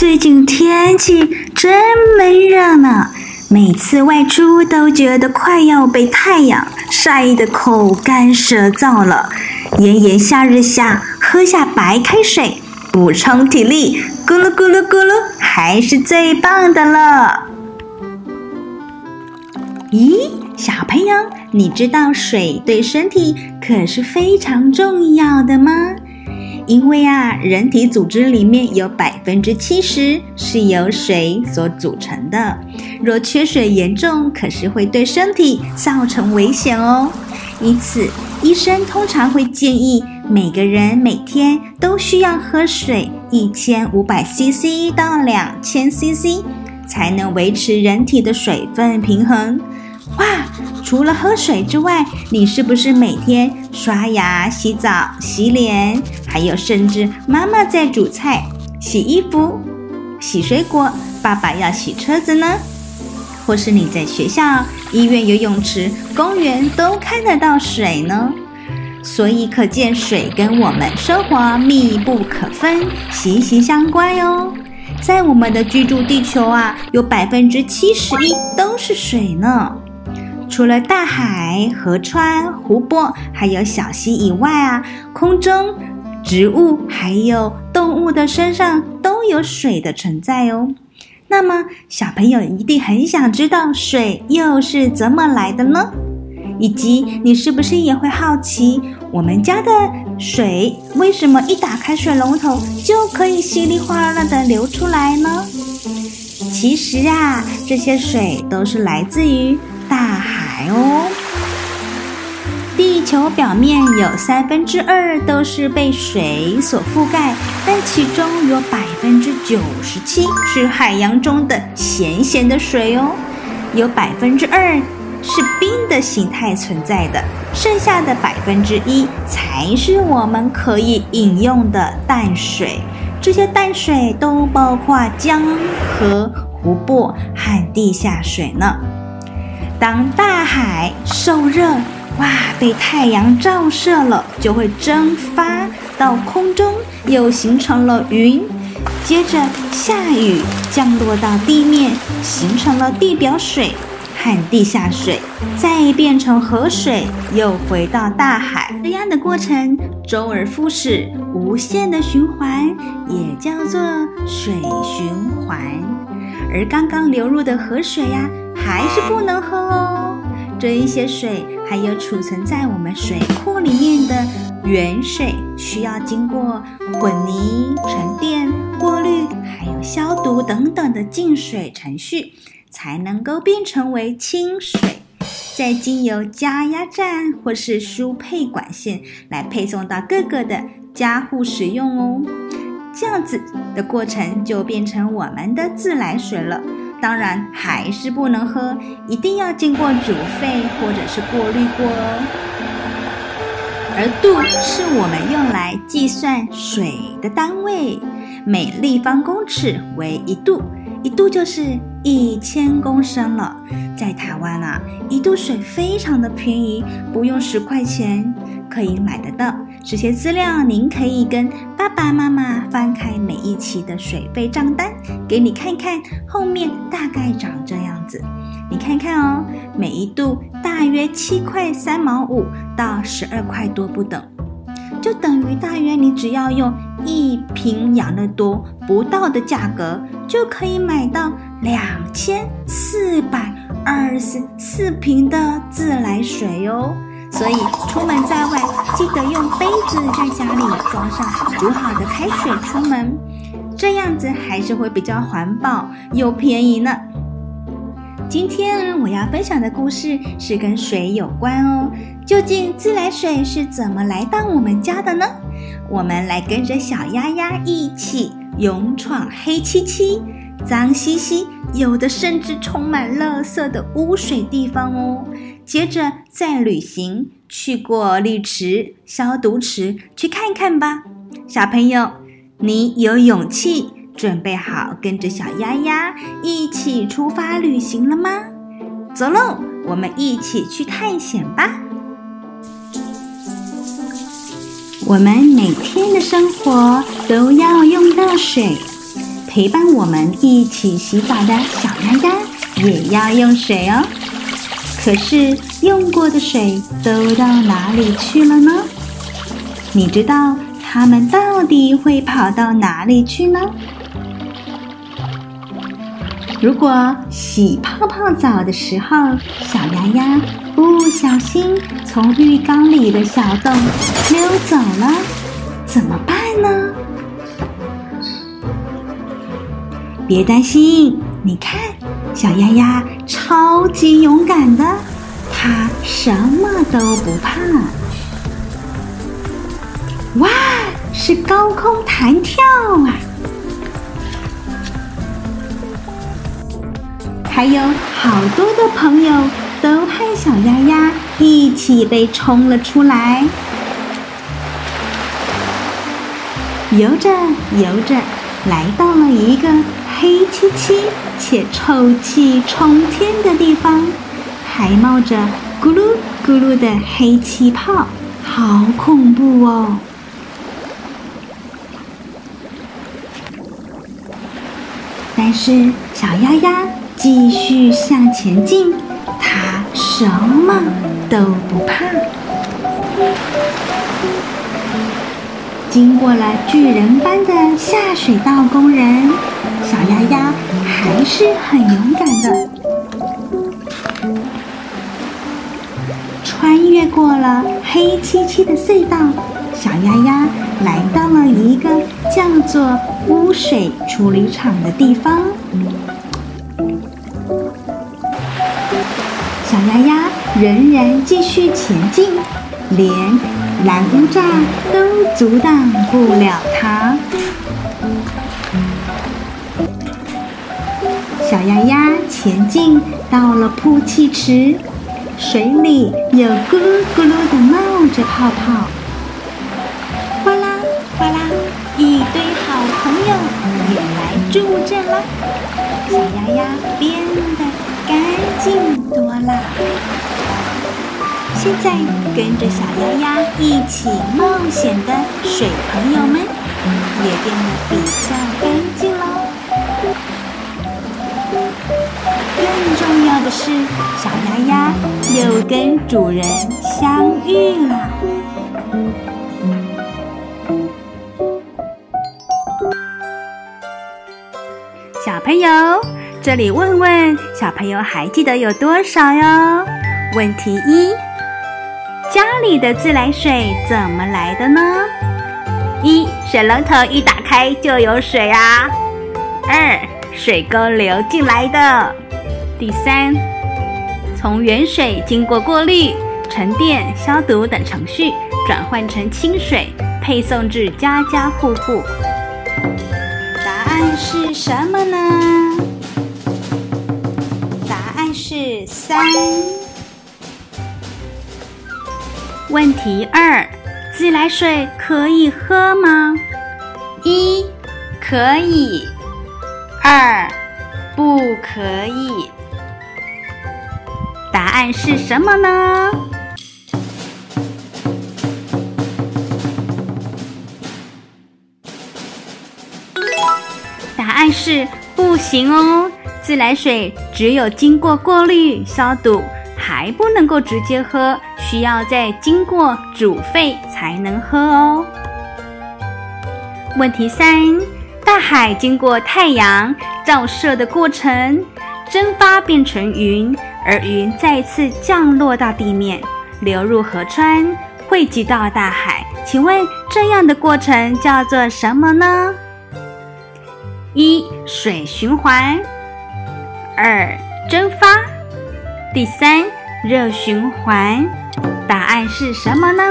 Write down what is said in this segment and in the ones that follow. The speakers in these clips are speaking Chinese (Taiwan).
最近天氣真悶熱呢，每次外出都覺得快要被太陽曬得口乾舌燥了。炎炎夏日下，喝下白開水，補充體力，咕嚕咕嚕咕嚕，還是最棒的了。咦，小朋友，你知道水對身體可是非常重要的嗎？因為啊，人體組織裡面有百分之七十是由水所組成的，若缺水嚴重，可是會對身體造成危險哦。因此，醫生通常會建議每個人每天都需要喝水一千五百 CC 到兩千 CC，才能維持人體的水分平衡。哇，除了喝水之外，你是不是每天？刷牙、洗澡、洗臉，還有甚至媽媽在煮菜、洗衣服、洗水果，爸爸要洗車子呢，或是你在學校、醫院、游泳池、公園都看得到水呢。所以可見水跟我們生活密不可分，息息相關喲、哦。在我們的居住地球啊，有百分之七十一都是水呢。除了大海、河川、湖泊，還有小溪以外啊，空中、植物，還有動物的身上都有水的存在哦。那麼，小朋友一定很想知道水又是怎麼來的呢？以及，你是不是也會好奇，我們家的水為什麼一打開水龍頭就可以稀里嘩啦的流出來呢？其實啊，這些水都是來自於。大海哦，地球表面有三分之二都是被水所覆蓋，但其中有百分之九十七是海洋中的鹹鹹的水哦，有百分之二是冰的形態存在的，剩下的百分之一才是我們可以飲用的淡水。這些淡水都包括江河、湖泊和地下水呢。當大海受熱，哇，被太陽照射了，就會蒸發到空中，又形成了雲，接着下雨降落到地面，形成了地表水和地下水，再變成河水，又回到大海。這樣的過程，周而復始，無限的循環，也叫做水循環。而剛剛流入的河水呀、啊，還是不能喝哦。這一些水還有儲存在我們水庫裡面的原水，需要經過混凝、沉澱、過濾，還有消毒等等的淨水程序，才能夠變成為清水。再經由加壓站或是輸配管線來配送到各個的家戶使用哦。這樣子的過程就變成我們的自來水了，當然還是不能喝，一定要經過煮沸或者是過濾過哦。而度是我們用來計算水的單位，每立方公尺為一度，一度就是一千公升了。在台灣啊，一度水非常的便宜，不用十塊錢可以買得到。這些資料您可以跟爸爸媽媽翻開每一期的水費賬單，給你看看，後面大概長這樣子。你看看哦，每一度大約七塊三毛五到十二塊多不等，就等於大約你只要用一瓶養樂多不到的價格，就可以買到兩千四百二十四瓶的自來水哦。所以出門在外，記得用杯子在家裡裝上煮好的開水出門，這樣子還是會比較環保又便宜呢。今天我要分享的故事是跟水有關哦。究竟自來水是怎麼來到我們家的呢？我們來跟着小丫丫一起勇闖黑漆漆、髒兮兮，有的甚至充滿垃圾的汙水地方哦。接着再旅行，去過濾池、消毒池，去看看吧。小朋友，你有勇氣準備好跟着小鴨鴨一起出發旅行了嗎？走嘍，我們一起去探險吧！我們每天的生活都要用到水，陪伴我們一起洗澡的小鴨鴨也要用水哦。可是用過的水都到哪裡去了呢？你知道它們到底會跑到哪裡去呢？如果洗泡泡澡的時候，小鴨鴨不小心從浴缸裡的小洞溜走了，怎麼辦呢？別擔心，你看。小鴨鴨超級勇敢的，它什麼都不怕。哇，是高空彈跳啊！還有好多的朋友都和小鴨鴨一起被沖了出來，游着游着，來到了一個黑漆漆。而且臭氣沖天的地方，還冒着咕嚕咕嚕的黑氣泡，好恐怖哦！但是小丫丫繼續向前進，它什麼都不怕。經過了巨人般的下水道工人。小鴨鴨還是很勇敢的，穿越過了黑漆漆的隧道，小鴨鴨來到了一個叫做污水處理廠的地方。小鴨鴨仍然繼續前進，連攔污柵都阻擋不了它。小鴨鴨前進到了曝氣池，水裡又咕嚕咕嚕地冒着泡泡。嘩啦嘩啦，一堆好朋友也來助陣了。小鴨鴨變得乾淨多啦。現在跟着小鴨鴨一起冒險的水朋友們也變得比較乾淨嘍。更重要的是，小鴨鴨又跟主人相遇了。嗯嗯嗯。小朋友，這裡問問小朋友，還記得有多少喲、哦？問題一：家裡的自來水怎麼來的呢？一，水龍頭一打開就有水啊。二，水溝流進來的。第三，從原水經過過濾、沉澱、消毒等程序，轉換成清水，配送至家家戶戶。答案是什麼呢？答案是三。問題二，自來水可以喝嗎？一、可以，二、不可以。答案是什麼呢？答案是不行哦。自來水只有經過過濾、消毒，還不能夠直接喝，需要再經過煮沸才能喝哦。問題三：大海經過太陽照射的過程，蒸發變成雲。而雲再次降落到地面，流入河川，匯集到大海。請問這樣的過程叫做什麼呢？一水循環，二蒸發，第三熱循環。答案是什麼呢？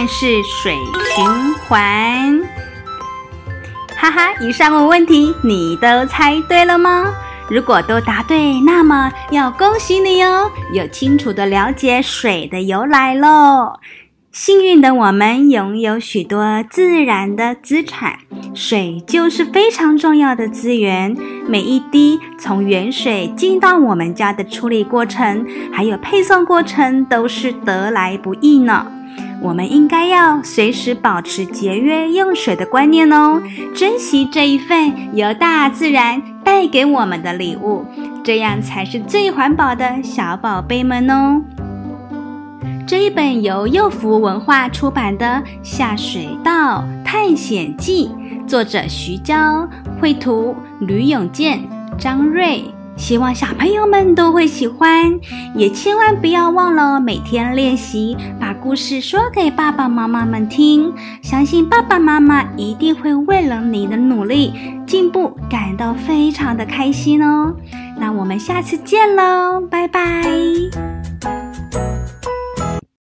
但是水循環，哈哈！以上五個問題你都猜對了嗎？如果都答對，那麼要恭喜你喲、哦，有清楚的了解水的由來嘍。幸運的我們擁有許多自然的資產，水就是非常重要的資源。每一滴從原水進到我們家的處理過程，還有配送過程，都是得來不易呢。我們應該要隨時保持節約用水的觀念哦，珍惜這一份由大自然帶給我們的禮物，這樣才是最環保的小寶貝們哦。這一本由幼福文化出版的《下水道探險記》，作者徐姣，繪圖呂勇建、張睿。希望小朋友們都會喜歡，也千萬不要忘了每天練習，把故事說給爸爸媽媽們聽。相信爸爸媽媽一定會為了你的努力進步感到非常的開心哦。那我們下次見嘍，拜拜。